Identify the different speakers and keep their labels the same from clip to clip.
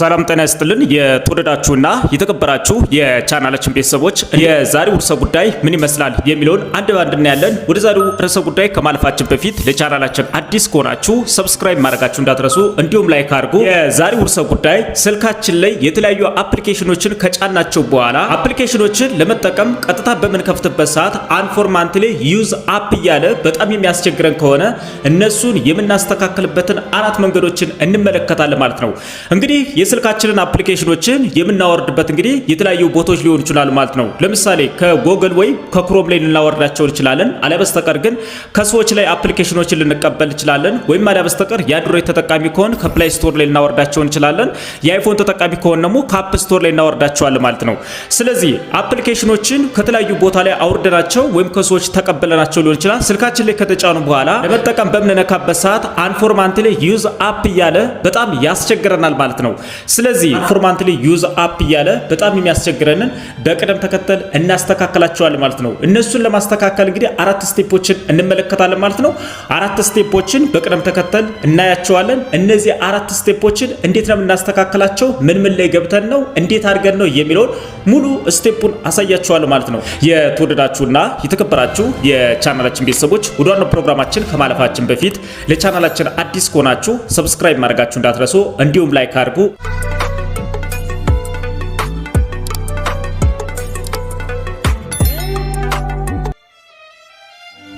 Speaker 1: ሰላም ጤና ይስጥልን። የተወደዳችሁና የተከበራችሁ የቻናላችን ቤተሰቦች የዛሬው ርዕሰ ጉዳይ ምን ይመስላል የሚለውን አንድ ባንድ እናያለን። ወደ ዛሬው ርዕሰ ጉዳይ ከማለፋችን በፊት ለቻናላችን አዲስ ከሆናችሁ ሰብስክራይብ ማድረጋችሁ እንዳትረሱ፣ እንዲሁም ላይክ አድርጉ። የዛሬው ርዕሰ ጉዳይ ስልካችን ላይ የተለያዩ አፕሊኬሽኖችን ከጫናቸው በኋላ አፕሊኬሽኖችን ለመጠቀም ቀጥታ በምንከፍትበት ሰዓት አንፎርማንትሊ ዩዝ አፕ እያለ በጣም የሚያስቸግረን ከሆነ እነሱን የምናስተካክልበትን አራት መንገዶችን እንመለከታለን ማለት ነው እንግዲህ የስልካችንን አፕሊኬሽኖችን የምናወርድበት እንግዲህ የተለያዩ ቦታዎች ሊሆን ይችላል ማለት ነው። ለምሳሌ ከጎግል ወይም ከክሮም ላይ ልናወርዳቸው እንችላለን። አሊያ በስተቀር ግን ከሰዎች ላይ አፕሊኬሽኖችን ልንቀበል እንችላለን። ወይም አሊያ በስተቀር የአንድሮይድ ተጠቃሚ ከሆን ከፕላይ ስቶር ላይ ልናወርዳቸው እንችላለን። የአይፎን ተጠቃሚ ከሆን ደግሞ ከአፕ ስቶር ላይ እናወርዳቸዋለን ማለት ነው። ስለዚህ አፕሊኬሽኖችን ከተለያዩ ቦታ ላይ አውርደናቸው ወይም ከሰዎች ተቀበለናቸው ሊሆን ይችላል። ስልካችን ላይ ከተጫኑ በኋላ ለመጠቀም በምንነካበት ሰዓት አንፎርማንት ላይ ዩዝ አፕ እያለ በጣም ያስቸግረናል ማለት ነው። ስለዚህ ኢንፎርማንትሊ ዩዝ አፕ እያለ በጣም የሚያስቸግረንን በቅደም ተከተል እናስተካከላቸዋለን ማለት ነው። እነሱን ለማስተካከል እንግዲህ አራት ስቴፖችን እንመለከታለን ማለት ነው። አራት ስቴፖችን በቅደም ተከተል እናያቸዋለን። እነዚህ አራት ስቴፖችን እንዴት ነው የምናስተካከላቸው፣ ምን ምን ላይ ገብተን ነው፣ እንዴት አድርገን ነው የሚለውን ሙሉ ስቴፑን አሳያቸዋል ማለት ነው። የተወደዳችሁና የተከበራችሁ የቻናላችን ቤተሰቦች ወደ ዋናው ፕሮግራማችን ከማለፋችን በፊት ለቻናላችን አዲስ ከሆናችሁ ሰብስክራይብ ማድረጋችሁ እንዳትረሱ፣ እንዲሁም ላይክ አድርጉ። Bye.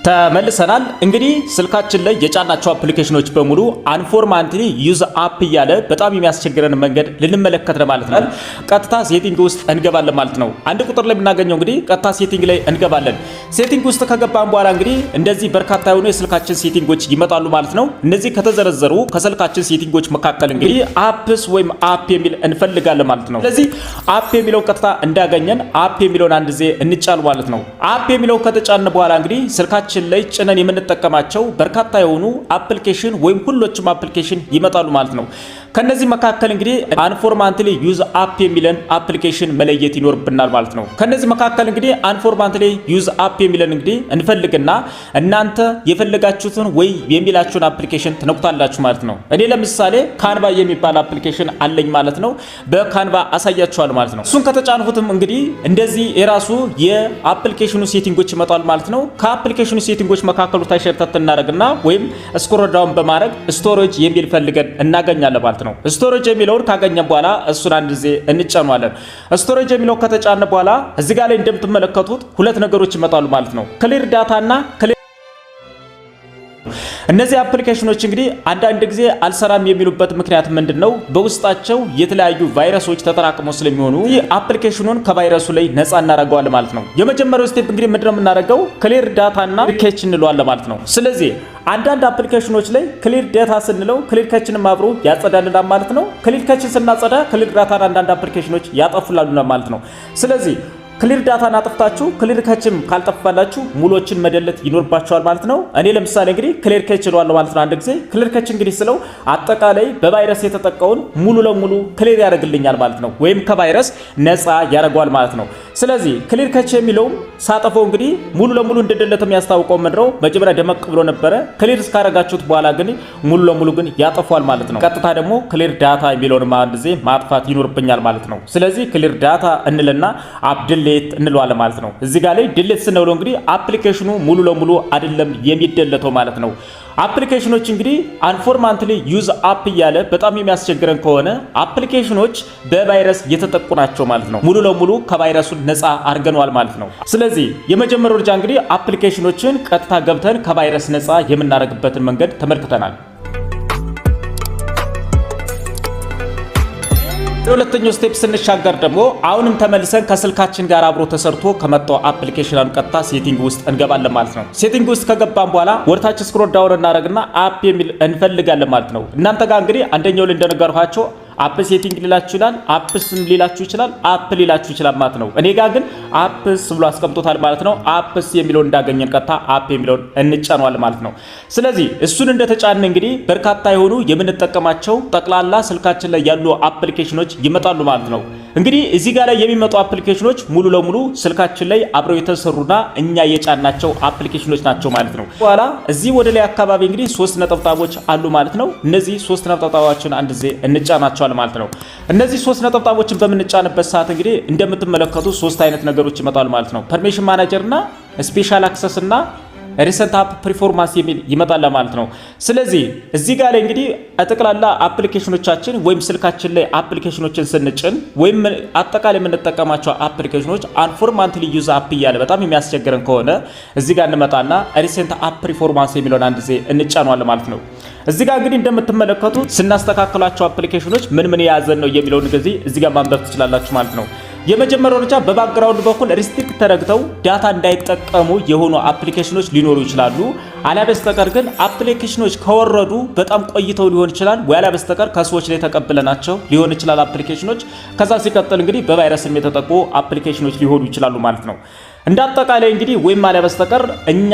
Speaker 1: ተመልሰናል። እንግዲህ ስልካችን ላይ የጫናቸው አፕሊኬሽኖች በሙሉ አንፎርማንትሊ ዩዝ አፕ እያለ በጣም የሚያስቸግረን መንገድ ልንመለከት ነው ማለት ነው። ቀጥታ ሴቲንግ ውስጥ እንገባለን ማለት ነው። አንድ ቁጥር ላይ የምናገኘው እንግዲህ ቀጥታ ሴቲንግ ላይ እንገባለን። ሴቲንግ ውስጥ ከገባን በኋላ እንግዲህ እንደዚህ በርካታ የሆኑ የስልካችን ሴቲንጎች ይመጣሉ ማለት ነው። እነዚህ ከተዘረዘሩ ከስልካችን ሴቲንጎች መካከል እንግዲህ አፕስ ወይም አፕ የሚል እንፈልጋለን ማለት ነው። ስለዚህ አፕ የሚለው ቀጥታ እንዳገኘን አፕ የሚለውን አንድ ዜ እንጫል ማለት ነው። አፕ የሚለው ከተጫን በኋላ እንግዲህ ስልካችን ስልካችን ላይ ጭነን የምንጠቀማቸው በርካታ የሆኑ አፕሊኬሽን ወይም ሁሎችም አፕሊኬሽን ይመጣሉ ማለት ነው። ከነዚህ መካከል እንግዲህ አንፎርማንትሊ ዩዝ አፕ የሚለን አፕሊኬሽን መለየት ይኖርብናል ማለት ነው። ከነዚህ መካከል እንግዲህ አንፎርማንትሊ ዩዝ አፕ የሚለን እንግዲህ እንፈልግና እናንተ የፈለጋችሁትን ወይ የሚላችሁን አፕሊኬሽን ትነኩታላችሁ ማለት ነው። እኔ ለምሳሌ ካንቫ የሚባል አፕሊኬሽን አለኝ ማለት ነው። በካንቫ አሳያችኋል ማለት ነው። እሱን ከተጫንሁትም እንግዲህ እንደዚህ የራሱ የአፕሊኬሽኑ ሴቲንጎች ይመጣል ማለት ነው። ከአፕሊኬሽኑ ሴቲንጎች መካከሉ ታሸርተት እናደረግና ወይም ስኮሮዳውን በማድረግ ስቶሬጅ የሚል ፈልገን እናገኛለን ማለት ነው። ማለት ነው። ስቶሬጅ የሚለውን ካገኘን በኋላ እሱን አንድ ጊዜ እንጫኗለን። ስቶሬጅ የሚለው ከተጫነ በኋላ እዚህ ጋር ላይ እንደምትመለከቱት ሁለት ነገሮች ይመጣሉ ማለት ነው። ክሊር ዳታ እና ክሊር እነዚህ አፕሊኬሽኖች እንግዲህ አንዳንድ ጊዜ አልሰራም የሚሉበት ምክንያት ምንድን ነው? በውስጣቸው የተለያዩ ቫይረሶች ተጠራቅሞ ስለሚሆኑ ይህ አፕሊኬሽኑን ከቫይረሱ ላይ ነፃ እናደርገዋል ማለት ነው። የመጀመሪያው ስቴፕ እንግዲህ ምንድነው የምናደርገው? ክሊር እና ኬች እንለዋለን ማለት ነው። ስለዚህ አንዳንድ አፕሊኬሽኖች ላይ ክሊር ዳታ ስንለው ክሊር ከችንም አብሮ ያጸዳልናል ማለት ነው። ክሊር ከችን ስናጸዳ ክሊር ዳታን አንዳንድ አፕሊኬሽኖች ያጠፉላሉና ማለት ነው። ስለዚህ ክሊር ዳታን አጥፍታችሁ ክሊር ከችም ካልጠፋላችሁ ሙሎችን መደለት ይኖርባቸዋል ማለት ነው። እኔ ለምሳሌ እንግዲህ ክሊር ከች እለዋለሁ ማለት ነው። አንድ ጊዜ ክሊር ከች እንግዲህ ስለው አጠቃላይ በቫይረስ የተጠቀውን ሙሉ ለሙሉ ክሊር ያደርግልኛል ማለት ነው፣ ወይም ከቫይረስ ነፃ ያደርገዋል ማለት ነው። ስለዚህ ክሊር ከች የሚለውም ሳጠፈው እንግዲህ ሙሉ ለሙሉ እንደደለተ የሚያስታውቀው ምንድነው? መጀመሪያ ደመቅ ብሎ ነበረ። ክሊር እስካረጋችሁት በኋላ ግን ሙሉ ለሙሉ ግን ያጠፏል ማለት ነው። ቀጥታ ደግሞ ክሊር ዳታ የሚለውን አንድ ጊዜ ማጥፋት ይኖርብኛል ማለት ነው። ስለዚህ ክሊር ዳታ እንልና አብድል ዴት እንለዋለን ማለት ነው። እዚህ ጋር ላይ ድሌት ስንለው እንግዲህ አፕሊኬሽኑ ሙሉ ለሙሉ አይደለም የሚደለተው ማለት ነው። አፕሊኬሽኖች እንግዲህ አንፎርማንትሊ ዩዝ አፕ እያለ በጣም የሚያስቸግረን ከሆነ አፕሊኬሽኖች በቫይረስ የተጠቁ ናቸው ማለት ነው። ሙሉ ለሙሉ ከቫይረሱ ነፃ አድርገነዋል ማለት ነው። ስለዚህ የመጀመሪያው እርጃ እንግዲህ አፕሊኬሽኖችን ቀጥታ ገብተን ከቫይረስ ነፃ የምናደርግበትን መንገድ ተመልክተናል። ሁለተኛው ስቴፕ ስንሻገር ደግሞ አሁንም ተመልሰን ከስልካችን ጋር አብሮ ተሰርቶ ከመጣው አፕሊኬሽን አንቀጥታ ሴቲንግ ውስጥ እንገባለን ማለት ነው። ሴቲንግ ውስጥ ከገባን በኋላ ወርታችን ስክሮል ዳውን እናደርግና አፕ የሚል እንፈልጋለን ማለት ነው። እናንተ ጋር እንግዲህ አንደኛው ላይ እንደነገርኳቸው አፕ ሴቲንግ ሊላችሁ ይችላል፣ አፕስም ሊላችሁ ይችላል፣ አፕ ሊላችሁ ይችላል ማለት ነው። እኔ ጋር ግን አፕስ ብሎ አስቀምጦታል ማለት ነው። አፕስ የሚለውን እንዳገኘን ቀጥታ አፕ የሚለውን እንጫኗል ማለት ነው። ስለዚህ እሱን እንደተጫነ እንግዲህ በርካታ የሆኑ የምንጠቀማቸው ጠቅላላ ስልካችን ላይ ያሉ አፕሊኬሽኖች ይመጣሉ ማለት ነው። እንግዲህ እዚህ ጋር ላይ የሚመጡ አፕሊኬሽኖች ሙሉ ለሙሉ ስልካችን ላይ አብረው የተሰሩና እኛ የጫናቸው አፕሊኬሽኖች ናቸው ማለት ነው። በኋላ እዚህ ወደ ላይ አካባቢ እንግዲህ ሶስት ነጠብጣቦች አሉ ማለት ነው። እነዚህ ሶስት ነጠብጣቦችን አንድ ጊዜ እንጫናቸዋል ማለት ነው። እነዚህ ሶስት ነጠብጣቦችን በምንጫንበት ሰዓት እንግዲህ እንደምትመለከቱ ሶስት አይነት ነገር ነገሮች ይመጣሉ ማለት ነው። ፐርሚሽን ማናጀር እና ስፔሻል አክሰስ እና ሪሰንት አፕ ፐርፎርማንስ የሚል ይመጣል ማለት ነው። ስለዚህ እዚህ ጋር ላይ እንግዲህ አጠቅላላ አፕሊኬሽኖቻችን ወይም ስልካችን ላይ አፕሊኬሽኖችን ስንጭን ወይም አጠቃላይ የምንጠቀማቸው አፕሊኬሽኖች አንፎርማንትሊ ዩዝ አፕ እያለ በጣም የሚያስቸግረን ከሆነ እዚህ ጋር እንመጣና ሪሰንት አፕ ፐርፎርማንስ የሚለውን አንድ ጊዜ እንጫኗል ማለት ነው። እዚህ ጋር እንግዲህ እንደምትመለከቱ ስናስተካክሏቸው አፕሊኬሽኖች ምን ምን የያዘን ነው የሚለውን ጊዜ እዚህ ጋር ማንበብ ትችላላችሁ ማለት ነው። የመጀመሪያው እርምጃ በባክግራውንድ በኩል ሪስትሪክት ተረግተው ዳታ እንዳይጠቀሙ የሆኑ አፕሊኬሽኖች ሊኖሩ ይችላሉ። አሊያ በስተቀር ግን አፕሊኬሽኖች ከወረዱ በጣም ቆይተው ሊሆን ይችላል ወይ አሊያ በስተቀር ከሰዎች ላይ ተቀብለናቸው ሊሆን ይችላል አፕሊኬሽኖች። ከዛ ሲቀጥል እንግዲህ በቫይረስም የተጠቁ አፕሊኬሽኖች ሊሆኑ ይችላሉ ማለት ነው። እንደ አጠቃላይ እንግዲህ ወይም አሊያ በስተቀር እኛ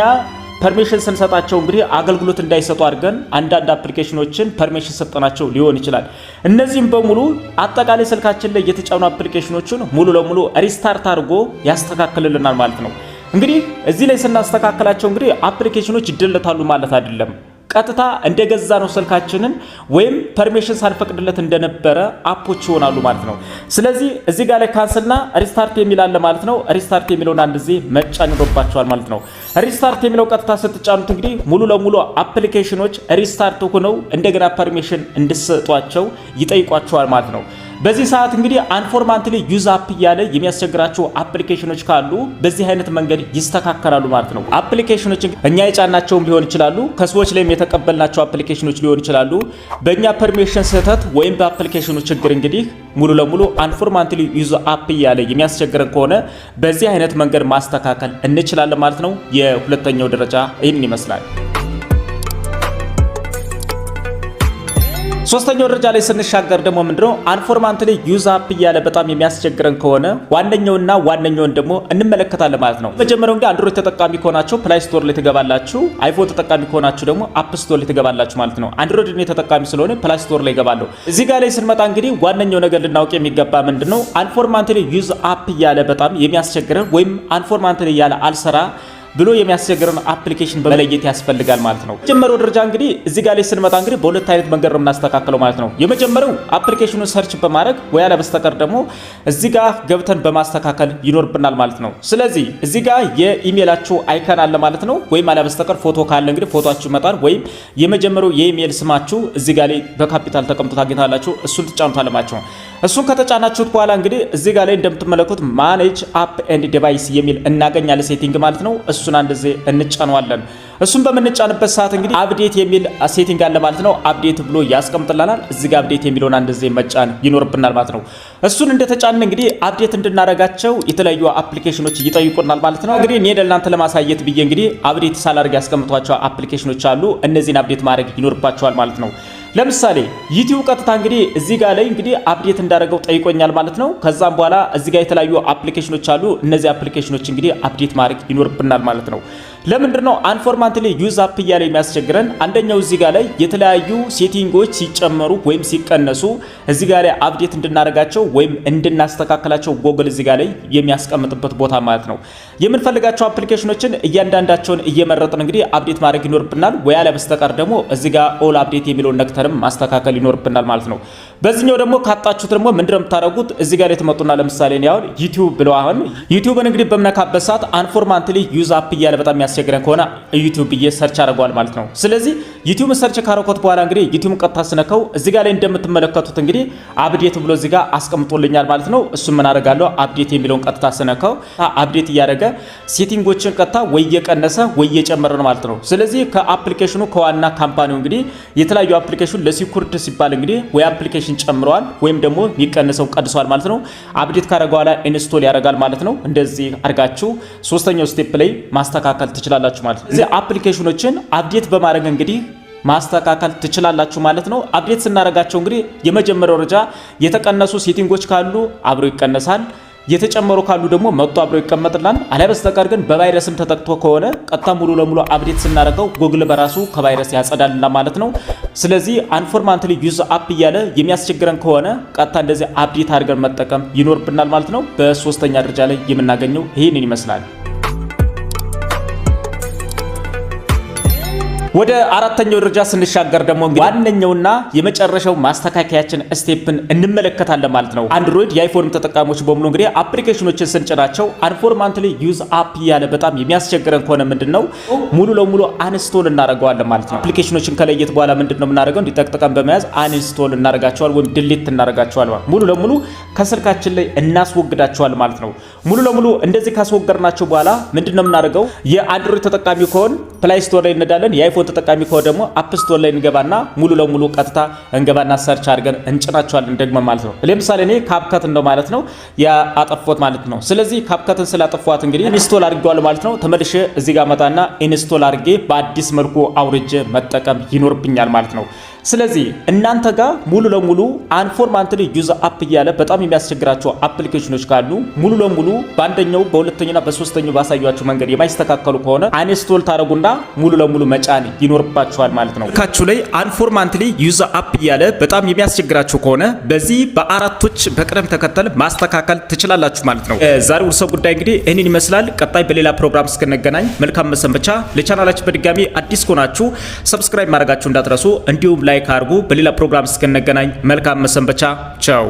Speaker 1: ፐርሚሽን ስንሰጣቸው እንግዲህ አገልግሎት እንዳይሰጡ አድርገን አንዳንድ አፕሊኬሽኖችን ፐርሚሽን ሰጠናቸው ሊሆን ይችላል። እነዚህም በሙሉ አጠቃላይ ስልካችን ላይ የተጫኑ አፕሊኬሽኖችን ሙሉ ለሙሉ ሪስታርት አድርጎ ያስተካክልልናል ማለት ነው። እንግዲህ እዚህ ላይ ስናስተካክላቸው እንግዲህ አፕሊኬሽኖች ይደለታሉ ማለት አይደለም። ቀጥታ እንደገዛ ነው ስልካችንን ወይም ፐርሚሽን ሳንፈቅድለት እንደነበረ አፖች ይሆናሉ ማለት ነው። ስለዚህ እዚህ ጋር ላይ ካንስልና ሪስታርት የሚላለ ማለት ነው። ሪስታርት የሚለውን አንድ ጊዜ መጫን ይኖርባቸዋል ማለት ነው። ሪስታርት የሚለው ቀጥታ ስትጫኑት እንግዲህ ሙሉ ለሙሉ አፕሊኬሽኖች ሪስታርት ሆነው እንደገና ፐርሚሽን እንድሰጧቸው ይጠይቋቸዋል ማለት ነው። በዚህ ሰዓት እንግዲህ አንፎርማንትሊ ዩዝ አፕ እያለ የሚያስቸግራቸው አፕሊኬሽኖች ካሉ በዚህ አይነት መንገድ ይስተካከላሉ ማለት ነው። አፕሊኬሽኖች እኛ የጫናቸውም ሊሆን ይችላሉ፣ ከሰዎች ላይም የተቀበልናቸው አፕሊኬሽኖች ሊሆን ይችላሉ። በእኛ ፐርሚሽን ስህተት ወይም በአፕሊኬሽኑ ችግር እንግዲህ ሙሉ ለሙሉ አንፎርማንትሊ ዩዝ አፕ እያለ የሚያስቸግረን ከሆነ በዚህ አይነት መንገድ ማስተካከል እንችላለን ማለት ነው። የሁለተኛው ደረጃ ይህን ይመስላል። ሶስተኛው ደረጃ ላይ ስንሻገር ደግሞ ምንድነው አንፎርማንትሊ ዩዝ አፕ እያለ በጣም የሚያስቸግረን ከሆነ ዋነኛውና ዋነኛውን ደግሞ እንመለከታለን ማለት ነው። መጀመሪያው እንግዲህ አንድሮይድ ተጠቃሚ ከሆናችሁ ፕላይ ስቶር ላይ ትገባላችሁ። አይፎን ተጠቃሚ ከሆናችሁ ደግሞ አፕ ስቶር ላይ ትገባላችሁ ማለት ነው። አንድሮይድ እኔ ተጠቃሚ ስለሆነ ፕላይ ስቶር ላይ ይገባለሁ። እዚህ ጋር ላይ ስንመጣ እንግዲህ ዋነኛው ነገር ልናውቅ የሚገባ ምንድነው አንፎርማንትሊ ዩዝ አፕ እያለ በጣም የሚያስቸግረን ወይም አንፎርማንትሊ እያለ አልሰራ ብሎ የሚያስቸግረን አፕሊኬሽን በመለየት ያስፈልጋል ማለት ነው። መጀመሪያው ደረጃ እንግዲህ እዚህ ጋር ላይ ስንመጣ እንግዲህ በሁለት አይነት መንገድ ነው የምናስተካክለው ማለት ነው። የመጀመሪያው አፕሊኬሽኑን ሰርች በማድረግ ወይ ያለ በስተቀር ደግሞ እዚህ ጋር ገብተን በማስተካከል ይኖርብናል ማለት ነው። ስለዚህ እዚህ ጋር የኢሜላችሁ አይከን አለ ማለት ነው። ወይም አለ በስተቀር ፎቶ ካለ እንግዲህ ፎቶችሁ ይመጣል። ወይም የመጀመሪያው የኢሜል ስማችሁ እዚህ ጋር ላይ በካፒታል ተቀምጦ ታገኛላችሁ። እሱን ትጫኑታላችሁ ማለት ነው። እሱን ከተጫናችሁት በኋላ እንግዲህ እዚህ ጋር ላይ እንደምትመለከቱት ማኔጅ አፕ ኤንድ ዲቫይስ የሚል እናገኛለን ሴቲንግ ማለት ነው እሱ እሱን አንድ ዜ እንጫነዋለን። እሱን በምንጫንበት ሰዓት እንግዲህ አብዴት የሚል ሴቲንግ አለ ማለት ነው። አብዴት ብሎ ያስቀምጥልናል። እዚህ ጋር አብዴት የሚለውን አንድ ዜ መጫን ይኖርብናል ማለት ነው። እሱን እንደተጫንን እንግዲህ አብዴት እንድናረጋቸው የተለያዩ አፕሊኬሽኖች ይጠይቁናል ማለት ነው። እንግዲህ እኔ ለእናንተ ለማሳየት ብዬ እንግዲህ አብዴት ሳላደርግ ያስቀምጧቸው አፕሊኬሽኖች አሉ። እነዚህን አብዴት ማድረግ ይኖርባቸዋል ማለት ነው። ለምሳሌ ዩቲዩብ ቀጥታ እንግዲህ እዚህ ጋር ላይ እንግዲህ አፕዴት እንዳደረገው ጠይቆኛል ማለት ነው። ከዛም በኋላ እዚህ ጋር የተለያዩ አፕሊኬሽኖች አሉ። እነዚህ አፕሊኬሽኖች እንግዲህ አፕዴት ማድረግ ይኖርብናል ማለት ነው። ለምንድን ነው አንፎርማንትሊ ዩዝ አፕ እያለ የሚያስቸግረን? አንደኛው እዚህ ጋር ላይ የተለያዩ ሴቲንጎች ሲጨመሩ ወይም ሲቀነሱ እዚህ ጋር ላይ አፕዴት እንድናደርጋቸው ወይም እንድናስተካከላቸው ጎግል እዚህ ጋር ላይ የሚያስቀምጥበት ቦታ ማለት ነው። የምንፈልጋቸው አፕሊኬሽኖችን እያንዳንዳቸውን እየመረጥን እንግዲህ አፕዴት ማድረግ ይኖርብናል። ወይ በስተቀር ደግሞ እዚህ ጋር ኦል አፕዴት የሚለውን ነክተርም ማስተካከል ይኖርብናል ማለት ነው። በዚህኛው ደግሞ ካጣችሁት ደግሞ ምንድነው የምታደርጉት? እዚህ ጋር ላይ ትመጡና ለምሳሌ ያሁን ዩቲዩብ ብለው አሁን ዩቲዩብን እንግዲህ በምነካበት ሰዓት አንፎርማንትሊ ዩዝ አፕ እያለ በጣም የሚያስቸግረን ከሆነ ዩቲዩብ ብዬ ሰርች አድርጓል ማለት ነው። ስለዚህ ዩቲዩብ ሰርች ካረኮት በኋላ እንግዲህ ዩቲዩብ ቀጥታ ስነከው እዚህ ጋር ላይ እንደምትመለከቱት እንግዲህ አብዴት ብሎ እዚህ ጋር አስቀምጦልኛል ማለት ነው። እሱ ምን አደርጋለሁ አብዴት የሚለውን ቀጥታ ስነከው አብዴት እያደረገ ሴቲንጎችን ቀጥታ ወይ እየቀነሰ ወይ እየጨመረ ነው ማለት ነው። ስለዚህ ከአፕሊኬሽኑ ከዋና ካምፓኒው እንግዲህ የተለያዩ አፕሊኬሽን ለሲኩሪቲ ሲባል እንግዲህ ወይ አፕሊኬሽን ጨምረዋል ወይም ደግሞ የሚቀንሰው ቀድሷል ማለት ነው። አብዴት ካረገ በኋላ ኢንስቶል ያደርጋል ማለት ነው። እንደዚህ አድርጋችሁ ሶስተኛው ስቴፕ ላይ ማስተካከል ትችላላችሁ ማለት ነው። እዚህ አፕሊኬሽኖችን አፕዴት በማድረግ እንግዲህ ማስተካከል ትችላላችሁ ማለት ነው። አፕዴት ስናደርጋቸው እንግዲህ የመጀመሪያው ደረጃ የተቀነሱ ሴቲንጎች ካሉ አብሮ ይቀነሳል። የተጨመሩ ካሉ ደግሞ መጥቶ አብሮ ይቀመጥላል። አሊያ በስተቀር ግን በቫይረስም ተጠቅቶ ከሆነ ቀጥታ ሙሉ ለሙሉ አፕዴት ስናደርገው ጉግል በራሱ ከቫይረስ ያጸዳልና ማለት ነው። ስለዚህ አንፎርማንትሊ ዩዝ አፕ እያለ የሚያስቸግረን ከሆነ ቀጥታ እንደዚህ አፕዴት አድርገን መጠቀም ይኖርብናል ማለት ነው። በሶስተኛ ደረጃ ላይ የምናገኘው ይህንን ይመስላል። ወደ አራተኛው ደረጃ ስንሻገር ደግሞ እንግዲህ ዋነኛውና የመጨረሻው ማስተካከያችን ስቴፕን እንመለከታለን ማለት ነው። አንድሮይድ የአይፎንም ተጠቃሚዎች በሙሉ እንግዲህ አፕሊኬሽኖችን ስንጭናቸው አንፎርማንትሊ ዩዝ አፕ እያለ በጣም የሚያስቸግረን ከሆነ ምንድን ነው ሙሉ ለሙሉ አንስቶል እናደርገዋለን ማለት ነው። አፕሊኬሽኖችን ከለየት በኋላ ምንድን ነው የምናደርገው እንዲጠቅጠቀን በመያዝ አንስቶል እናደርጋቸዋል ወይም ድሊት እናደርጋቸዋል ሙሉ ለሙሉ ከስልካችን ላይ እናስወግዳቸዋል ማለት ነው። ሙሉ ለሙሉ እንደዚህ ካስወገድናቸው በኋላ ምንድን ነው የምናደርገው የአንድሮይድ ተጠቃሚ ከሆን ፕላይ ስቶር ላይ እንዳለን የአይፎን ተጠቃሚ ከሆነ ደግሞ አፕ ስቶር ላይ እንገባና ሙሉ ለሙሉ ቀጥታ እንገባና ሰርች አድርገን እንጭናቸዋለን ደግሞ ማለት ነው። ለምሳሌ እኔ ካፕካትን እንደው ማለት ነው ያጠፋሁት ማለት ነው። ስለዚህ ካፕካትን ስላጠፋሁት እንግዲህ ኢንስቶል አድርጌዋለሁ ማለት ነው። ተመልሼ እዚህ ጋር መጣና ኢንስቶል አድርጌ በአዲስ መልኩ አውርጄ መጠቀም ይኖርብኛል ማለት ነው። ስለዚህ እናንተ ጋር ሙሉ ለሙሉ አንፎርማንትሊ ዩዝ አፕ እያለ በጣም የሚያስቸግራቸው አፕሊኬሽኖች ካሉ ሙሉ ለሙሉ በአንደኛው በሁለተኛውና በሶስተኛው ባሳያችሁ መንገድ የማይስተካከሉ ከሆነ አንስቶል ታደረጉና ሙሉ ለሙሉ መጫን ይኖርባችኋል ማለት ነው። ካችሁ ላይ አንፎርማንትሊ ዩዝ አፕ እያለ በጣም የሚያስቸግራችሁ ከሆነ በዚህ በአራቶች በቅደም ተከተል ማስተካከል ትችላላችሁ ማለት ነው። ዛሬ ርዕሰ ጉዳይ እንግዲህ ይህንን ይመስላል። ቀጣይ በሌላ ፕሮግራም እስክንገናኝ መልካም መሰንበቻ። ለቻናላችን በድጋሚ አዲስ ከሆናችሁ ሰብስክራይብ ማድረጋችሁ እንዳትረሱ እንዲሁም ላይ ላይክ አድርጉ። በሌላ ፕሮግራም እስክንገናኝ መልካም መሰንበቻ ቻው።